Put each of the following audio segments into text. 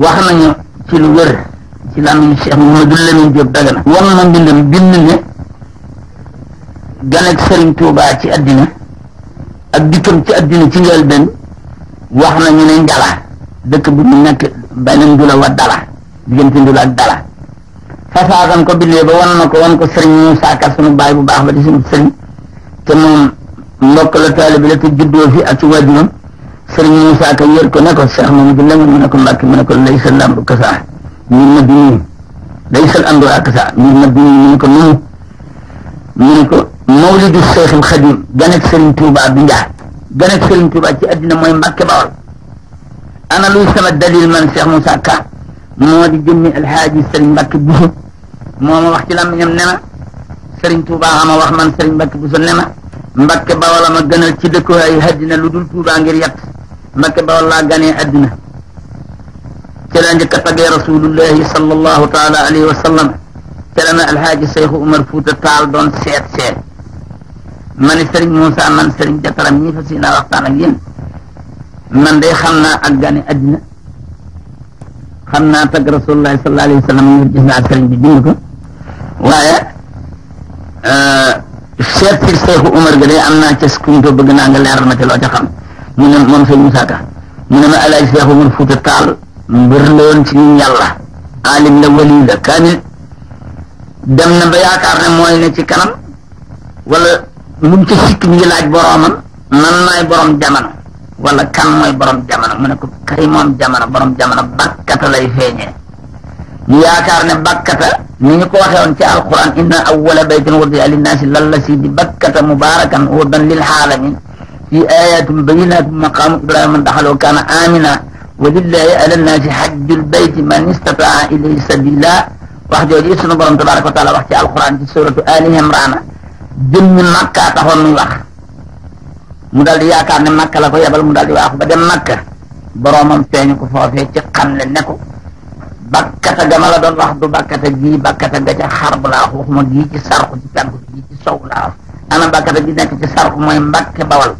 wax nañu ci lu wér ci làmmiñu Cheikh Mouhamadou Lamine Diop Dagana wan na mbindam bind ne ganek Serigne Touba ci àddina ak dikkam ci àddina ci njël benn wax nañu ne njala dëkk bu mu nekk beneen du la wa dala diggante du la ak dala fasaasan ko bindee ba wan na ko wan ko Serigne Moussa Ka sunu baay bu baax ba di sunu Serigne te moom mbokk la taalibe la te juddoo fi ak ci waajuram sëriñ Moussa Ka yër ko ne ko Cheikh Mamadou Lamine mu ne ko Mbàkke mu ne ko lay sa lamb kasa min na bi nii lay sa lamb kasa min na bi nii mu ne ko numu mu ne ko mawlidu Cheikhul Khadim ganek sëriñ Touba bi njaay ganek sëriñ Touba ci àddina mooy Mbàkke Bawol ana luy sama dalil man Cheikh Moussa Ka moo di jëmmi alhaaji sëriñ Mbàkke Buso moo ma wax ci làmmiñam ne ma sëriñ Touba ama wax man sëriñ Mbàkke Buso ne ma Mbàkke Bawol ma gënal ci dëkkuwaay àddina lu dul Touba ngir yàtt Mbakke Bawol laa ganee addina ci la njëkk a tagee rasulullahi sallallahu taala alayhi wa sallam ci la na alxaaji Seexu Umar Fuuta Taal doon seet seet ma ni Sëriñ Muusa man Sëriñ Jataram ñii fa si naa waxtaan ak yéen man day xam naa ak gane addina xam naa tag rasulullahi sallallahu alayhi wa sallam ngir gis naa sëriñ bi bind ko waaye euh, seet si Seexu Umar ga day am naa ca kunto bëgg naa nga leeral ma ci loo ca xam ñu ne moom sëñ Moussa Ka mu ne ma alaaji Seex Umar Fuuta Taal mbër la woon ci ñun yàlla aalim la wali la kaamil dem na ba yaakaar ne mooy ne ci kanam wala lu mu ca sikk mi ngi laaj boroomam nan maay borom jamono wala kan mooy borom jamono mu ne ko kay moom jamono borom jamono bakkata lay feeñee ñu yaakaar ne bakkata ni ñu ko waxee woon ci alquran inna awwala baytin wudi'a linnaasi lallazi bi bakkata mubarakan hudan lil aalamiin fi ayatin bayinatin maqaamu ibrahima daxaloo kaana amina wa lillahi ala nnaasi xajjul bayti man istataa ilayhi sabila wax jooju sunu borom tabaraka wa taala wax ci alquran ci suratu ali imrana jëmmi makka taxoon muy wax mu daal di yaakaar ne makka la ko yebal mu daal di waaxu ba dem makka boroomam feeñu ko foofee ci xam ne ne ko bakkata gama la doon wax du bakkata gii bakkata ga ca xarbu laa wax waxuma gii ci sarxu ci penku gii ci sow laa wax ana bakkata gi nekk ci sarxu mooy mbakke bawal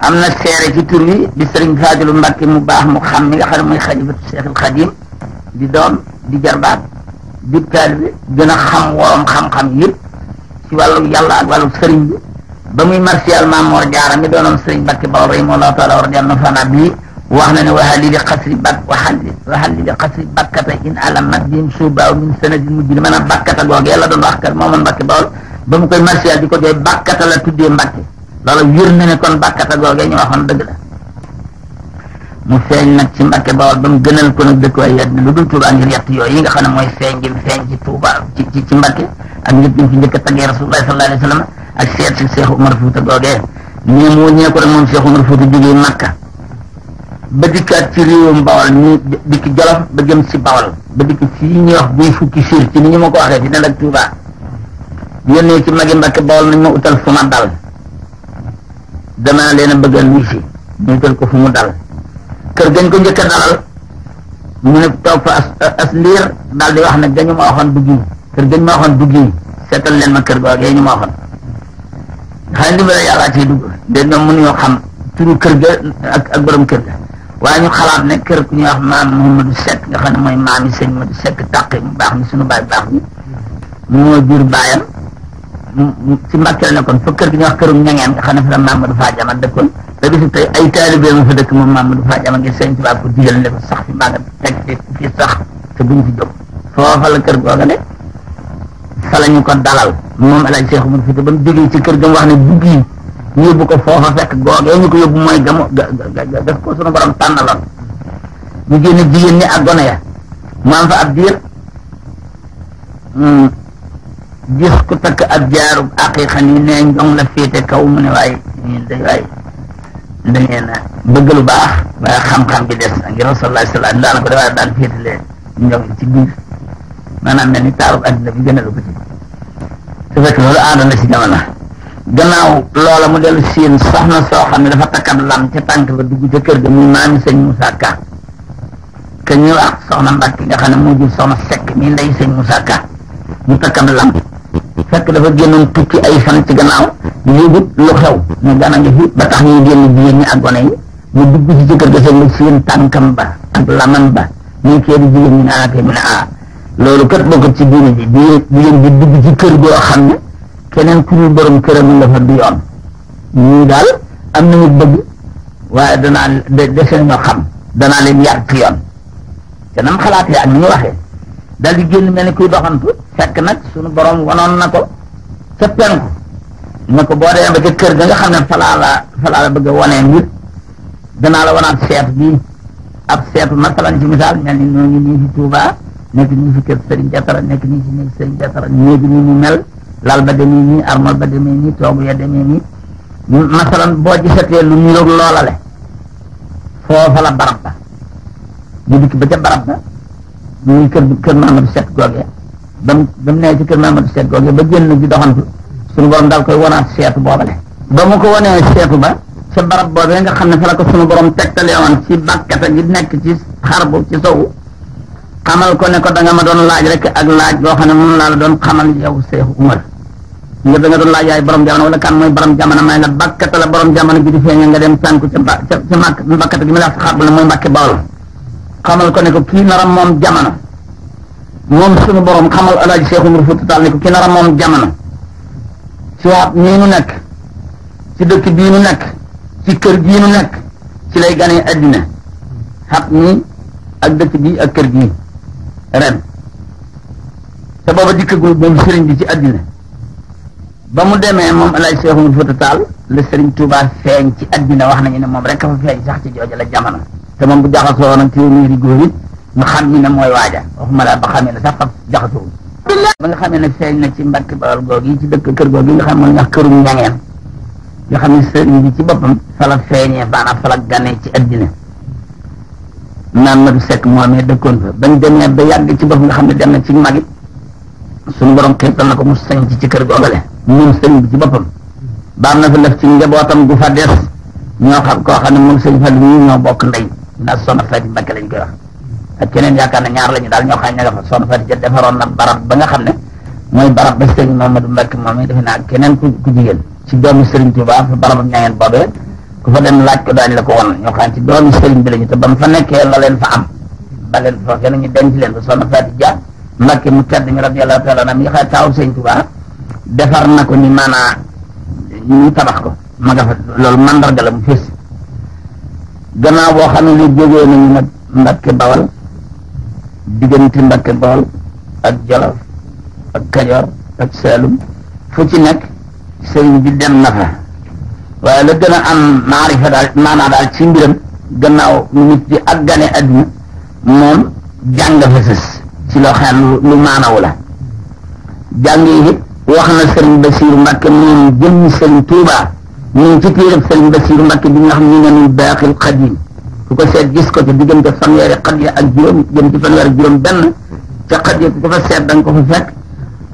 am na seere ci tur wi di sëriñ Fadilu Mbàkke mu baax mu xam mi nga xam ne mooy xalifatu Seexul di doom di jarbaat di taalibe gën a xam worom xam-xam yëpp ci wàllu yàlla ak wàllu sëriñ bi ba muy martial maam Mor Jaara mi ba sëriñ Mbàkke Bawol rahimahullahu taala war jàll na fana bii wax na ne waxali li xasri bak waxali waxali li xasri bakkata in alamat bim suubaaw min sanadin mujj li maanaam bakkata googu yàlla doon wax kër moomoon Mbàkke Bawol ba mu koy martial di ko jooy la tuddee Mbàkke loolu wir na ne kon bàkkata googee ñu waxoon dëgg la mu feeñ nag ci Mbàkke Bawol ba mu gënal ko nag dëkkuwaay lu dul Tuubaa ngir yett yooyu yi nga xam ne mooy feeñ gi feeñ ci Tuubaa ci ci ci Mbàkke ak nit ñi fi njëkk a tagee Rasulullaah sallallaahu ak seet si Seex Umar Fuuta googee nii mu ñee ko rek moom Seex Umar Fuuta jógee Makka ba dikkaat ci réewum Bawol nii dikki Jolof ba jëm si Bawol ba dikki fii ñuy wax buy fukki siir ci ni ñu ma ko waxee ci ne ak Tuubaa yónnee ci magi Mbàkke Bawol nañ ma utal fu ma danaa leen a bëggal wiisi ñu jël ko fu mu dal kër gañ ko njëkk a dalal mu ne toog as as liir daal di wax ne gañu ma waxoon du gii kër gañ ma waxoon du gii leen ma kër googee ñu ma waxoon xëy na ndimbal yàlla ciy dugg turu kër ga ak ak kër ga waaye xalaat ne kër ku ñuy wax maam Mouhamadou Seck nga xam ne mooy maam yi sëñ Mouhamadou Seck tàq mu baax mi suñu baay baax mi moo jur ci na la nekkoon fa kër gi ñuy wax kërum ñangeen nga xam ne fa la a Fadia man dëkkoon ba bisu tey ay taalibe ma fa dëkk moom Mamadou Fadia man a sëñ Tuubaa ko digal ne ko sax fi maa nga nekk sax foofa la kër googa ne fa la ñu ko dalal moom El Hadj Cheikh mu jógee ci kër ga mu wax ne dugg yi ñu ko foofa fekk googee ñu ko yóbbu mooy gamu ga def ko suñu borom tànnaloon a génne jigéen ñi ak gone ya mu am fa gis ku takk ab jaarub aqiqa ni ne ñoŋ la féete kaw mu ne waaye ñun day waaye da ngeen a bëgg baax ba xam-xam bi des ak yow sallallahu alayhi wa sallam daana ko dawaa daan féetale ñoŋ ci biir maanaam mel ni taarub addina bi gën a lu ko ci su fekk loolu aada la ci jamono gannaaw loola mu dellu soo xam ne dafa takkat lam ca tànk ba dugg ca kër ga muy maami sëñ Moussa Ka ka ñuy wax na Mbàkke nga xam ne moo jur soxna Sekk mi lay sëñ Moussa Ka mu takkat lam fekk dafa génnoon tukki ay fan ci gannaaw yëgut lu xew mu gana ngi fi ba tax ñuy génn jigéen ñi ak gone yi mu dugg ci ci kër ga seen la seen tànkam ba ak laman ba muy kër jigéen ñi naa ah, kee mu ne ah, loolu kat bokkut ci diine ji di jigéen bi dugg ci kër goo xam ne keneen ku ñu borom këram la fa du yoon ñii daal am nañu bëgg waaye danaa deseen ñoo xam danaa leen yar ci yoon te nam xalaatee ni ñu dal di génn mel ni kuy doxantu fekk nag suñu borom wanoon na ko ca penku ne ko boo kër ga nga xam ne falaa la falaa la bëgg a danaa la wanaat seet bii ab seetu masalan ci misaal mel ni noo ngi nii ci Touba nekk nii ci kër Serigne Diatara nekk nii ci néeg Serigne Diatara nii mu mel lal ba demee nii armal ba demee nii toogu ya demee nii masalan boo gisatee lu loolale foofa la barab ba ñu ba ca barab muy kër kër Mamadou Seck googee ba mu ba mu nee ci kër Mamadou Seck googee ba génn di doxantu suñu borom daal koy wanaat seetu boobale ba mu ko wanee seetu ba ca barab boobee nga xam ne fa la ko suñu borom tegtale woon ci bàkkata gi nekk ci xarbu ci sowu xamal ko ne ko da nga ma doon laaj rek ak laaj boo xam ne moom laa la doon xamal yow Seexu Umar ngir da nga doon laaj yaay borom jamono wala kan mooy la borom jamono gi di feeñe nga dem tànku ca ca ca màkk bàkkata la xarbu la mooy mbàkke bawol xamal ko ne ko kii nara moom jamono moom sunu borom xamal alaaji Seex Umar Fuuta Taal ne ko kii nara moom jamono ci waat ñii nu nekk ci dëkk bii nu nekk ci kër gii nu nekk ci lay ganee addina xat nii ak dëkk bii ak kër gii ren te booba dikkagul moom sëriñ bi ci addina ba mu demee moom El Hadj Seex Umar Fuuta Taal la sëriñ Touba feeñ ci addina wax na nañu ne moom rek a fa feeñ sax ci jooju la jamono. te moom bu jaxasoo nag ci yéen fi góor xam ni na mooy waaja waxuma laa ba xamee ne sax fam jaxasoo ba nga xamee ne feeñ na ci mbàkki bawal goog yi ci dëkk kër goog yi nga xam ne ndax kërum ñangeen nga xam ne sëriñ bi ci boppam fala feeñee baanaam fala ganee ci addina naan ma du sekk moomee dëkkoon fa bañ demee ba yàgg ci bopp nga xam ne dem na ci magi suñu borom xiirtal na ko mu sañ ci ci kër googale moom sëriñ bi ci boppam baam na fi lef ci njabootam gu fa des ñoo xam koo xam ne moom sëriñ fa lu ñu ñoo bokk ndey ndax soxna Faty Mbacké lañ koy wax ak keneen yaakaar na ñaar lañu daal ñoo xam ne nga fa soxna Faty ja defaroon na barab ba nga xam ne mooy barab ba sëriñ Mamadou Mbacké moom i defe naa keneen ku ku jigéen ci doomi sëriñ Touba fa barab ñangeen boobee ko daañu la ko won ñoo xam ci doomi sëriñ bi te ba mu fa nekkee leen fa am la leen fa kenn denc leen fa soxna Faty ja Mbacké mu tedd mi radiyallahu taala anha mi nga xam taaw sëriñ Touba defar na ko ni maanaa ñu tabax ko ma nga fa loolu mandarga la mu fés gannaaw boo xam ne jógee nañu nag Bawal diggante Mbakke Bawal ak Jolof ak Kajoor ak Saalum fu ci nekk sëriñ bi dem na fa waaye la gën a am maarifa daal maanaa daal ci mbiram gannaaw nit di ak gane adduna moom jàng fa sës ci loo xam lu maanawu la jàng yi it wax na sëriñ Basiiru Mbakke moom jëm mu ngi ci téereb Sëriñ Basiiru Mbàkke bi nga mu ne ñu ne baaxil xadim ku ko seet gis ko ci diggante fanweeri xat ya ak juróom jëm ci fanweer ak juróom benn ca xat ya ku ko fa seet ko fa fekk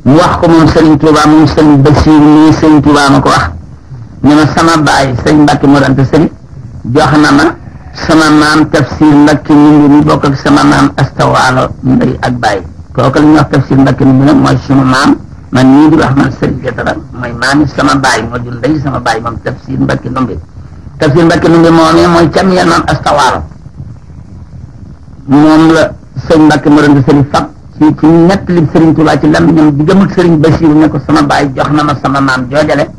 mu wax ko moom Sëriñ Tuubaa moom Sëriñ Basiiru nii Sëriñ Tuubaa ma ko wax ne ma sama baay Sëriñ Mbàkke moo daan te sëriñ na ma sama maam tafsir Mbàkke ñu ngi bokk sama maam astawaalo ndey ak baay kooku la ñuy wax tafsir Mbàkke mi nag mooy maam man mii di wax man sëriñ Jatara mooy maami sama baay moo jur ndey sama baay moom tafsir Mbacke Ndumbe tafsir Mbacke Ndumbe moomee mooy cam ya maam astawaaro moom la sëriñ Mbacke moo fab ci ci ñett li sëriñ Tuubaa ci làmmiñam di gëmul sëriñ Basiiru ne ko sama baay jox na ma sama maam joojale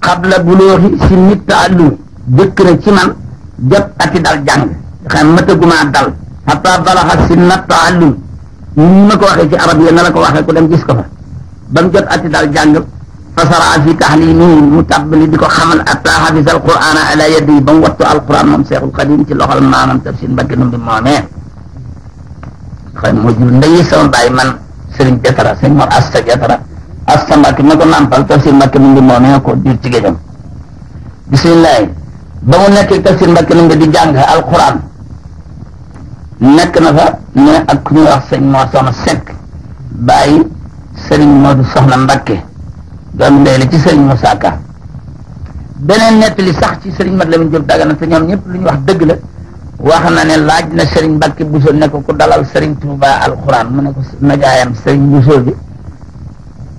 xabla bulooxi si nit taallu jëkk na ci man a ati dal jàng xam mëtagumaa dal xataa balaxa si nat taallu ni ma ko waxee ci na la ko waxee ku dem gis ko fa ba mu jot ati daal jàng fasara fi taxlimihi mu tàbbali di ko xamal atta xafisa alqurana ala yadi ba mu wattu alquran moom seexul xadim ci loxol maamam tafsir mbagge nu bi moomee xëy moo jur ndeyi sama bàyyi man sëriñ jatara sëriñ mor asta jatara asta mbàkke ma ko nàmpal tafsir mbagge nu bi moomee ko jur ci géejam bisimilah ba mu nekk tafsir mbagge nu bi di jàng alquran nekk na fa mu ne ak ku ñuy wax sëñ mor soxna sekk bàyyi sëriñ Modou Soxna Mbakke doomu ndey ci sëriñ Moussa Ka beneen li sax ci sëriñ Mat Lamin Jóob Dagana te ñoom ñëpp lu ñu wax dëgg la wax na ne laaj na sëriñ Mbakke Buso ne ko ku dalal sëriñ Tuubaa alxuraan mu ne ko najaayam sëriñ Buso bi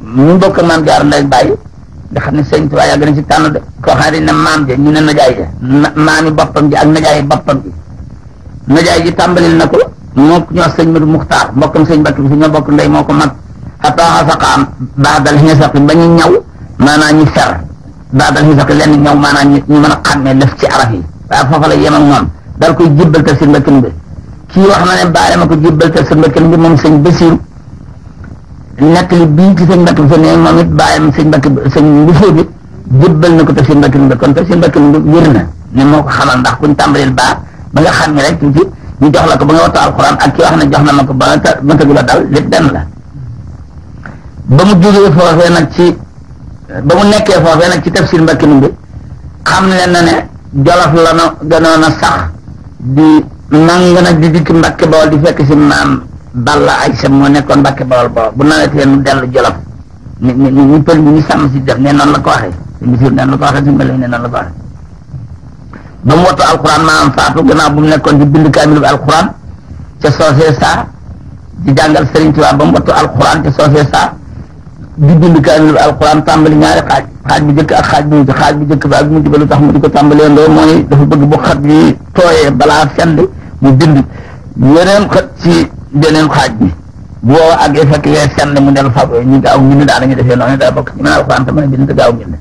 mu bokk maam jaar ndey bàyyi nga xam ne sëriñ Tuubaa yàgg ci tànn de koo xam ñu ne ja maami boppam ji ak najaayi boppam ji najaay ji tàmbalil na ko moo ñoo sëñ Madu Muxtaar mbokkam sëñ Mbakke Buso ñoo bokk ndey moo ko mag ataaxa saqaam baadal xisaqi ba ñu ñaw maanaam ñu fer baadal xisaqi lenn ñaw maanaam ñu mën a xàmmee def ci araf yi waaye foofa la yem ak moom daal koy jébbal tafsir Mbakkin bi kii wax na ne baare ma ko jébbal tafsir Mbakkin bi moom señ Basiru nekk li bii ci sëñ Mbakkin bi ne moom it bàyyam sëñ Mbakkin sëñ Mbufoo bi na ko tafsir Mbakkin bi kon tafsir Mbakkin bi wér na ne moo ko xamal ndax kuñ tàmbalil baar ba nga xam ne rek tuuti ñu jox la ko ba nga wattu alxuraan ak ki wax ne jox na ma ko ba nga tëggu la dal lépp benn la ba mu jógee foofee nag ci ba mu nekkee ci tafsir mbakki nu bi ne na ne jolof la na gënoon a sax di nang nag di dikk mbakki bawol di fekk si maam balla ay sa moo nekkoon mbakki bawol bawol bu nawetee mu dellu jolof ni ni ni pël bi ni sàmm si def ne noonu la ko waxee suñu si noonu la ko waxee suñu mbéy mi ne noonu la ko ba mu wattu alxuraan maanaam faatu gannaaw bu mu nekkoon di bind kaamil bi alxuraan ca soosee saa di jàngal Serigne Touba ba mu wattu alxuraan ca soosee saa. di bind kaamil alquran tàmbali ñaari xaaj xaaj bu jëkk ak xaaj bu mujj xaaj bu jëkk ba ak mujj ba lu tax mu di ko tàmbalee ndoo mooy dafa bëgg bu xat bi tooyee balaa sedd mu bind yeneen xat ci beneen xaaj bi boo ak fekk wee sedd mu del fab ñu gaaw mbind daa nañu defee noonu daa bokk ci mën alquran te mën a bind te gaaw mbind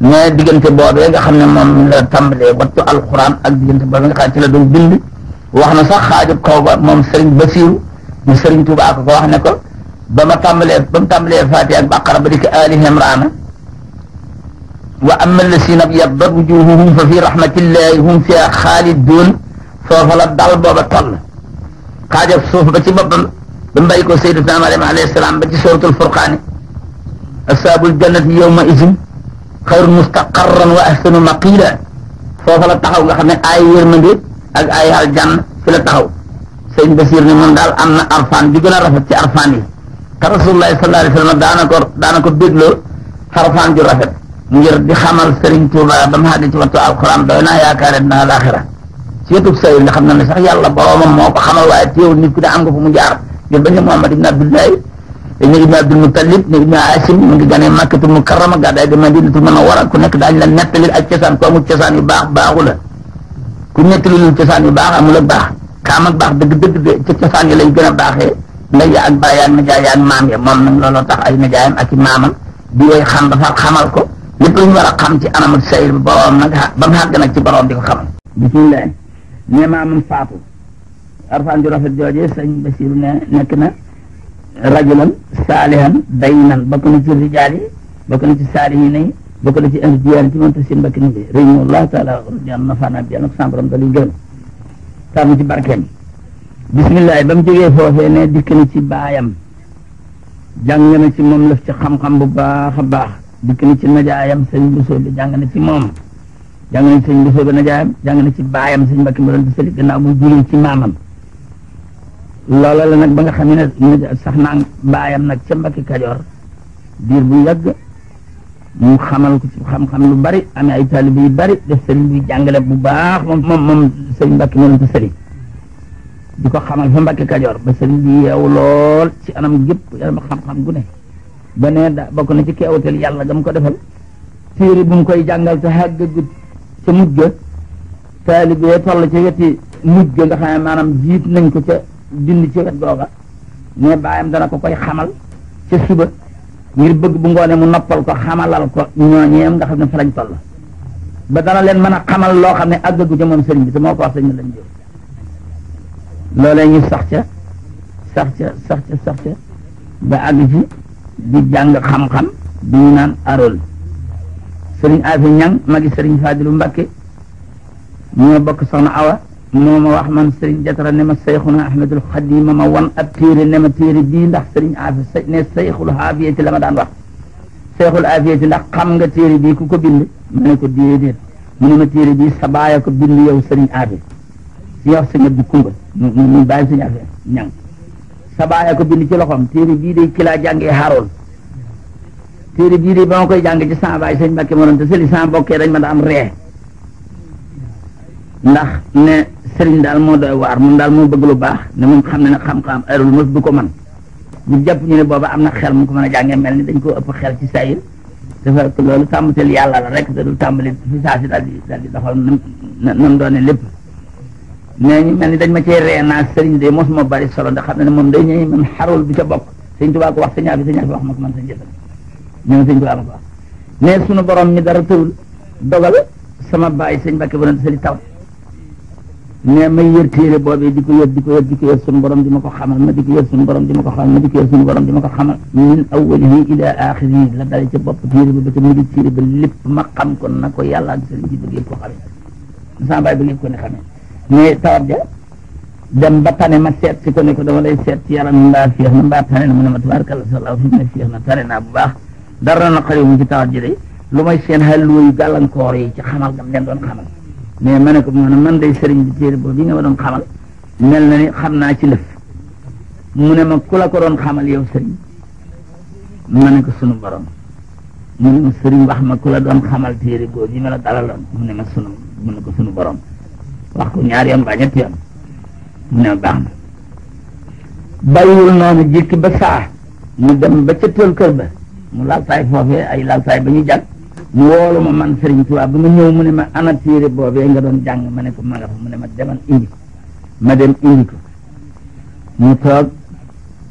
mais diggante boobee nga xam ne moom la tàmbalee wattu alquran ak diggante boobee nga xam ne ci la doon bind wax na sax xaaju kaw ba moom sëriñ Basiru mu sëriñ Tuubaa ko wax ne ko ba ma tàmbalee ba mu tàmbalee Fatiha ak Baqara ba di ko Ali Imraan wa amma allazina abyaddat wujuhuhum fa fi rahmatillahi hum fiha xaalidun foofa la dal booba toll xaajab suuf ba ci boppam ba mbéy ko sayyidatuna Maryam alayhi salaam ba ci suratul furqaani ashaabul jannati yawma idin xayrun mustaqarran wa ahsanu maqila foofa la taxaw nga xam ne ay yërmande ak ay aljanna fi la taxaw sëñ Basiir ne moom daal am na arfaan bi gën a rafet ci arfaan yi te rasulullahi sallallahu alayhi wa sallam daana ko daana ko dégloo xarafaan ju rafet ngir di xamal Serigne Touba ba mu àgg ci wattu alxuraan doy naa yaakaare naa laaxira ci yëtub sayul nga xam ne ne sax yàlla boroomam moo ko xamal waaye teewul nit ku ne am nga fu mu jaar ngir bañ a Muhammad ibn Abdullahi ibn ibn Abdul Muttalib ibn Hashim mu ngi ganee Makkatul Mukarrama gàddaay di Madinatul Munawwara ku nekk daañu la nettali ak cosaan ku amul cosaan yu baax baaxu la ku nettali lu cosaan yu baax amul ak baax kaam ak baax dëgg dëgg de ca cosaan yi lañ gën a baaxee ndey ya ak baay ya ak nijaay ya ak maam ya moom nag looloo tax ay nijaayam ak i maamam di way xam dafa xamal ko lépp lu war a xam ci anamul sayr bi boroom nag ba mu xàgg nag ci boroom di ko xamal bisimilah ne maamam faatu arfaan ju rafet jooje sëñ Basiru ne nekk na rajulan saalihan baynan bokk na ci rijaal yi bokk na ci saalihin yi bokk ci indi jiyaani ci mënta seen mbakki ni bi rëy mu allah taala radiallahu fana bi yàlla ko sàmbaram da luy gërëm sàmm ci barkeem bisimilah ba mu jógee foofee ne dikk ci baayam jàng na ci moom laf ci xam-xam bu baax a baax dikk na ci najaayam sëñ Bousso bi jàng ci moom jàng na ci sëñ jàng na ci baayam sëñ Mbacke mu doon di sëli gannaaw bu jullee ci maamam loola la nag ba nga xam ne sax naa baayam nag ca Mbacke Kajoor diir bu yàgg mu xamal ko ci xam-xam lu bari amee ay taalibe yu bari def sëriñ buy jàngale bu baax moom moom moom sëriñ Mbacke mu doon di ko xamal fa Mbàkke Kajoor ba sëriñ bi yeewu lool ci anam gépp anam xam-xam gu ne ba nee da bokk na ci keewutal yàlla gam ko defal téere bu mu koy jàngal te xàggagut ca mujj ga taalib yee toll ca weti mujj xam ne maanaam nañ ko ca dindi ci wet googa ne baayam dana ko koy xamal ca suba ngir bëgg bu ngoonee mu noppal ko xamalal ko ñooñeem nga xam ne fa lañ ba dana leen mën a xamal loo xam ne àggagu ca moom sëriñ bi te moo ko wax sëriñ lañ loolee ñu sax ca sax ca sax ca sax ba àgg ci di jàng xam-xam bi ñu naan arol sëriñ Afi Ñang magi sëriñ Fadilu Mbàkke ñoo bokk soxna Awa moo ma wax man sëriñ Jatara ne ma seyxuna Ahmadul Xadim ma wan ab téere ne ma téere bii ndax sëriñ Afi ne seyxul Afiyati la ma daan wax seyxul Afiyati ndax xam nga téere bii ku ko bind ma ne ko déedéet mu ne sa baay a ko bind yow sëriñ Afi yor sëñ Abdu Kumba mu mu bàyyi sëñ affaire ñang sa baaya ko bind ci loxoom téere bii de ci laa jàngee xaaroon téere bii de ba koy jàng ci sama baay sëñ Mbàkke moroon te sëli sama bokkee dañ ma da am ree ndax ne sëriñ daal moo doy waar moom daal moo bëgg lu baax ne moom xam ne nag xam-xam ko man ñu jàpp ñu ne booba am na xel mu ko mën a jàngee mel ni dañ ko ëpp xel ci sayir dafa loolu tàmbateel yàlla la rek da du tàmbali fi saa si daal di daal di doxal lépp nee ñu mel ni dañ ma cee ree naa sëriñ de mosuma bari solo ndax xam ne ne moom day ñëw man xarul du ca bokk sëñ Tuubaa ko wax sëñ Afi sëñ Afi wax ma ko man sëñ jësal ñoom sëñ Tuubaa ma ko wax mais sunu borom mi dara tëwul dogal sama bàyyi sëñ Mbàkke Buran sëli taw mais may yër téere boobee di ko yër di ko yër di ko yër sunu borom di ma ko xamal ma di ko yër sunu borom di ma ko xamal ma di ko yër sunu borom di ma ko xamal min awwalihi ila axirihi la dale ca bopp téere ba ba ca mujj téere ba lépp ma xam ko na ko yàlla ak sëriñ ci bëggee ko xamee sama bàyyi bëggee ko ne xamee mais tawat ja dem ba tane ma seet si ko ne ko dama lay seet ci yaram mbaa féex na mbaa tane na mu ne ma tabaarkalla sallaaw fi mu ne féex na tane naa bu baax dara na xale mu ci tawat ji lu may seen xelluwa yu gàllankoor yi ci xamal gam leen doon xamal mais ma ne ko man man day sëriñ bi téere boobu bi nga ma doon xamal mel na ni xam naa ci lëf mu ne ma kula ko doon xamal yow sëriñ ma ne ko sunu borom mu ne ma ku la doon xamal téere boobu bi ma la dalaloon mu ne ma sunu mu ne ko sunu borom wax ko ñaari ba na bàyyiwul mu dem ba ca ba mu laal saay foofee ay laal saay ba ñu jàng mu woolu ma man Serigne Touba ba ma mu ne ma ana téere boobee nga doon jàng ma ne ko ma fa mu ne ma demal ma dem indi ko mu toog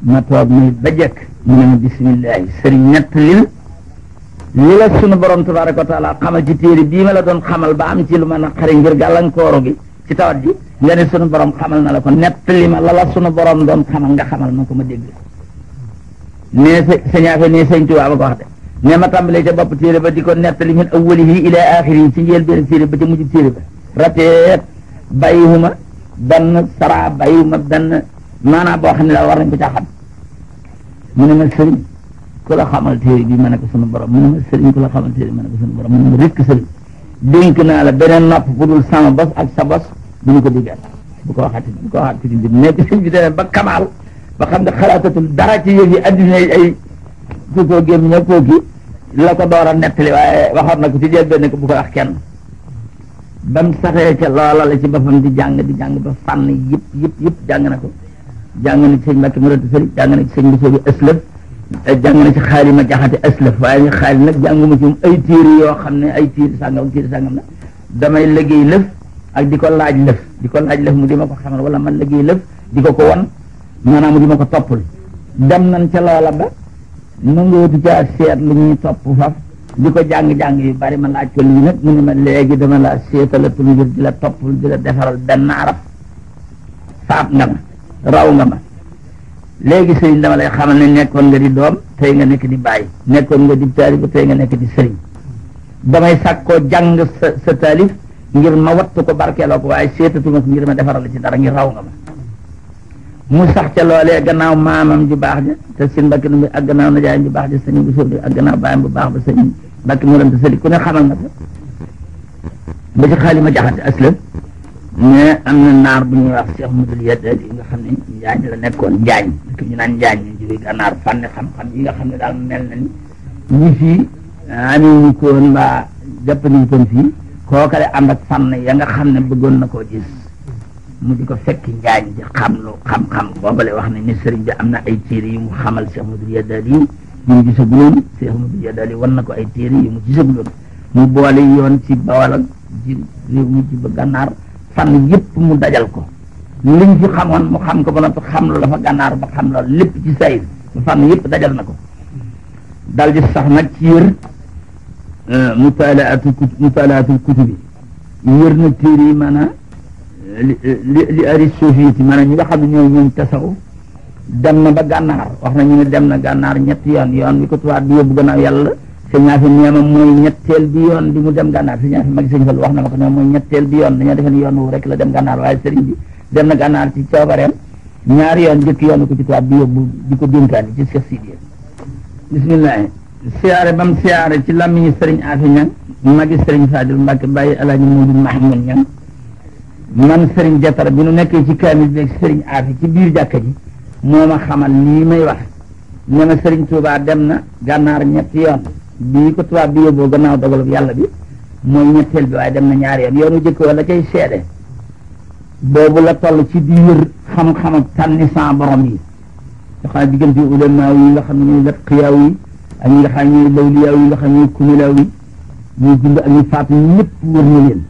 ma toog mu ne ma bisimillahi Serigne ñett lil li la sunu borom tabaraka wa taala xamal ci téere bii ma la doon xamal ba ci lu ma naqari ngir gàllankooru gi ci tawat ji nga ne sunu borom xamal na la ko nettali ma la la sunu borom doon xamal nga xamal ma ko ma dégg ko nee sa ne nee sëñ Tuubaa ba ko wax de nee ma tàmbalee ca bopp téere ba di ko nettali min awwalihi ila axirihi ci njël benn téere ba ca mujj téere ba rateet bàyyiwuma benn sara bàyyiwuma benn maanaam boo xam ne daal war nañ ko caa xam mu ne ma sëriñ ku la xamal téere ma ne ko sunu borom mu ne ma sëriñ ku la xamal téere ma ne ko sunu borom mu ne ma rëkk dénk naa la beneen nopp bu dul sama ak sa bu ñu ko di def bu ko waxati bu ko waxati di nekk suñ bi demee ba kamaal ba xam ne xalaatatul dara ci yëf yi adduna yi ku koo génn ña koo kii la ko door a nettali waaye na ko ci jël benn ko bu ko wax kenn ba mu saxee ca loola la ci boppam di jàng di jàng ba fànn yëpp yëpp yëpp jàng na ko jàng na ci sëñ Mbàkke mu rëdd sëriñ jàng na ci sëñ Mbàkke bi aslëf jàng na ci xaalima jaxate waaye ñu xaali nag jànguma ci moom ay tiir yoo xam ne ay tiir sàngam tiir sàngam la ak di ko laaj lëf di ko laaj lëf mu di ma ko xamal wala man liggéey lëf di ko ko wan maanaam mu di ma ko toppul dem nañ ca loola ba nangootu caa seet lu ñuy topp faf di ko jàng-jàng yi bari ma laaj ko lii nag mu ne ma léegi dama la seetalatul di la toppul di la defaral benn arab faab nga ma raw nga ma léegi sëriñ dama lay xamal ne nekkoon nga di doom tey nga nekk di bàyyi nekkoon nga di taalif tey nga nekk di sëriñ damay sàkkoo jàng sa sa taalif ngir ma wattu ko barkeeloo ko waaye seetatuma ko ngir ma defaral ci dara ngir raw nga ma mu sax ca loolee gannaaw maamam ju baax ja te sin a nu ak gannaaw najaayam ju baax ja sëñ bu suuf ak gannaaw baayam bu baax ba sëñ mbakki mu lam te sëli ku ne a nga ko ba ci xaali ma jaxate aslam mais am na naar bu ñuy wax Cheikh Modou Yeddaat yi nga xam ne njaañ la nekkoon njaañ dëkk ñu naan njaañ ñu jóge gànnaar fànni xam-xam yi nga xam ne daal mel na ni ñi ah, fii amee ñu koon mbaa jàpp nañu koon fii kookale ànd ak fànn ya nga xam ne bëggoon na koo gis mu di ko fekki njaañ ji xam lu xam-xam boobale wax na ni sëriñ bi am na ay téere yu mu xamal Cheikh Amadou Yadali yu mu gisaguloon Cheikh Amadou Yadali wan na ko ay téere yu mu gisaguloon mu boole yoon ci bawal ak ji réew ba gànnaar fànn yëpp mu dajal ko liñ fi xamoon mu xam ko ba noppi xam lu dafa gànnaar ba xam loolu lépp ci sayir fànn yëpp dajal na ko dal di sax nag mutaalaatu mutaalaatul kutubi wër na yi maanaam li li li ari soviéti maanaam ñi nga xam ne ñooy ñoom tasaw na ba gànnaar wax nañu ne dem na gànnaar ñetti yoon yoon bi ko tubaab bi yóbbu gannaaw yàlla sëñ Afi neema mooy ñetteel bi yoon di mu dem gànnaar sëñ Afi mag sëñ Fall wax na ma ko ne mooy ñetteel bi yoon dañoo defe ne yoon wu rek la dem gànnaar waaye sëriñ bi dem na gànnaar ci ñaar ñaari yoon njëkk yoon ko ci tubaab bi yóbbu di ko dénkaan ci Cheikh Sidiya bismillah siyaare ba mu siyaare ci làmmiñu sëriñ Afi Ñang magi sëriñ Fadil Mbàkke bàyyi alaaji Moodu Mahmoud Ñang man sëriñ Jatara bi nu nekkee ci kaamil beeg sëriñ Afi ci biir jàkka ji moo ma xamal lii may wax ne ma sëriñ Tuubaa dem na gànnaar ñetti yoon bii ko tubaab bi yóbboo gannaaw dogalub yàlla bi mooy ñetteel bi waaye dem na ñaari yoon yoonu jëkk wala cay seede boobu la toll ci biir xam-xam ak tànni sans borom yi nga xam ne diggante ulama yi nga xam ak ñi nga xam ne lawliyaaw yi nga xam ne kumilaaw yi ñuy dund ak ñu faatu ñëpp wër na leen